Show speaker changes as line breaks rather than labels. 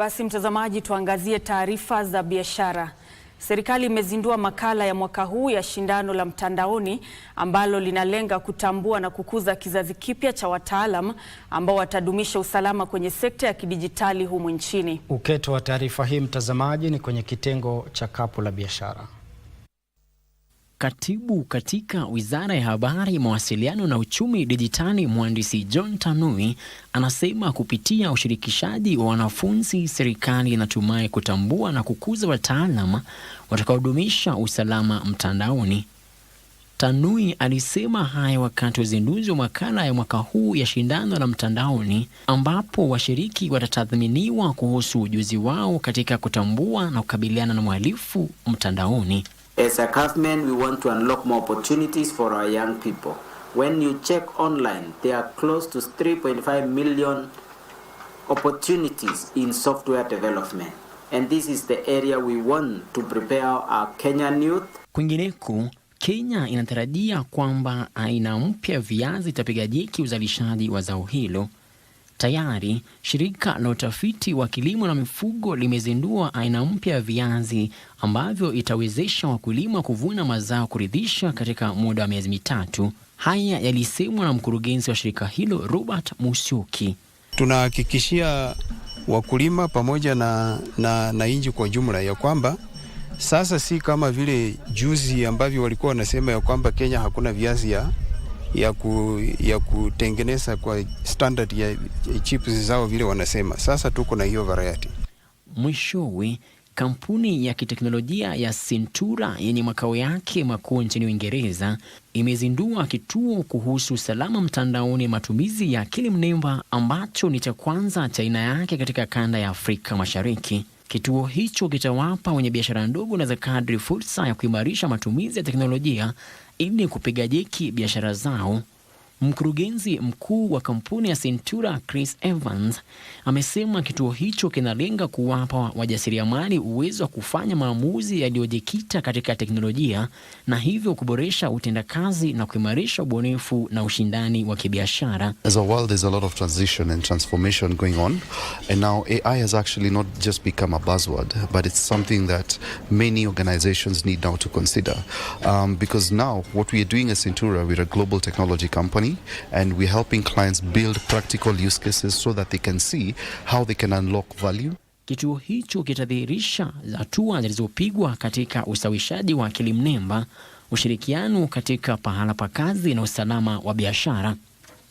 Basi mtazamaji, tuangazie taarifa za biashara. Serikali imezindua makala ya mwaka huu ya shindano la mtandaoni ambalo linalenga kutambua na kukuza kizazi kipya cha wataalam ambao watadumisha usalama kwenye sekta ya kidijitali humu nchini.
Uketo wa taarifa hii mtazamaji, ni kwenye kitengo cha kapu la biashara.
Katibu katika Wizara ya Habari, Mawasiliano na Uchumi Dijitali, Mhandisi John Tanui anasema kupitia ushirikishaji wa wanafunzi, serikali inatumai kutambua na kukuza wataalam watakaodumisha usalama mtandaoni. Tanui alisema haya wakati wa uzinduzi wa makala ya mwaka huu ya shindano la mtandaoni, ambapo washiriki watatathminiwa kuhusu ujuzi wao katika kutambua na kukabiliana na uhalifu mtandaoni.
As a government, we want to unlock more opportunities for our young people. When you check online, there are close to 3.5 million opportunities in software development. And this is the area we want to prepare our Kenyan youth.
Kwingineko, Kenya inatarajia kwamba aina mpya viazi itapiga jeki uzalishaji wa zao hilo Tayari shirika la utafiti wa kilimo na mifugo limezindua aina mpya ya viazi ambavyo itawezesha wakulima kuvuna mazao kuridhisha katika muda wa miezi mitatu. Haya yalisemwa na mkurugenzi wa shirika hilo Robert Musyoki.
Tunahakikishia wakulima pamoja na, na, na nchi kwa jumla ya kwamba sasa si kama vile juzi ambavyo walikuwa wanasema ya kwamba Kenya hakuna viazi ya ya, ku, ya kutengeneza kwa standard ya chips zao vile wanasema. Sasa tuko na hiyo variety.
Mwishowe, kampuni ya kiteknolojia ya sintura yenye makao yake makuu nchini Uingereza imezindua kituo kuhusu usalama mtandaoni ya matumizi ya akili mnemba ambacho ni cha kwanza cha aina yake katika kanda ya Afrika Mashariki. Kituo hicho kitawapa wenye biashara ndogo na za kadri fursa ya kuimarisha matumizi ya teknolojia ili kupiga jeki biashara zao. Mkurugenzi mkuu wa kampuni ya Centura Chris Evans amesema kituo hicho kinalenga kuwapa wajasiriamali uwezo wa kufanya maamuzi yaliyojikita katika teknolojia na hivyo kuboresha utendakazi na kuimarisha ubunifu na ushindani wa kibiashara.
As a world there's a lot of transition and transformation going on and now AI has actually not just become a buzzword but it's something that many organizations need now to consider um, because now what we are doing as Centura we're a global technology company way, and we're helping clients build practical use cases so that they can see how they can unlock value.
Kituo hicho kitadhihirisha hatua zilizopigwa katika ustawishaji wa akili mnemba, ushirikiano katika pahala pa kazi na usalama wa biashara.